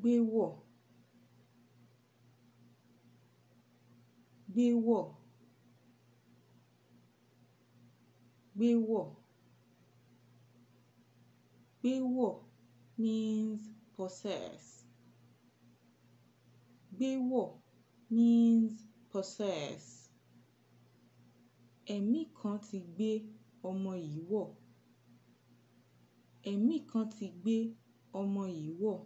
gbé wọ̀, gbé wọ̀, gbé wọ̀. Gbé wọ̀ means possess. Gbé wọ̀ means possess. Ẹ̀mí kan ti gbé ọmọ yìí wọ̀. Ẹ̀mí kan ti gbé ọmọ yìí wọ̀.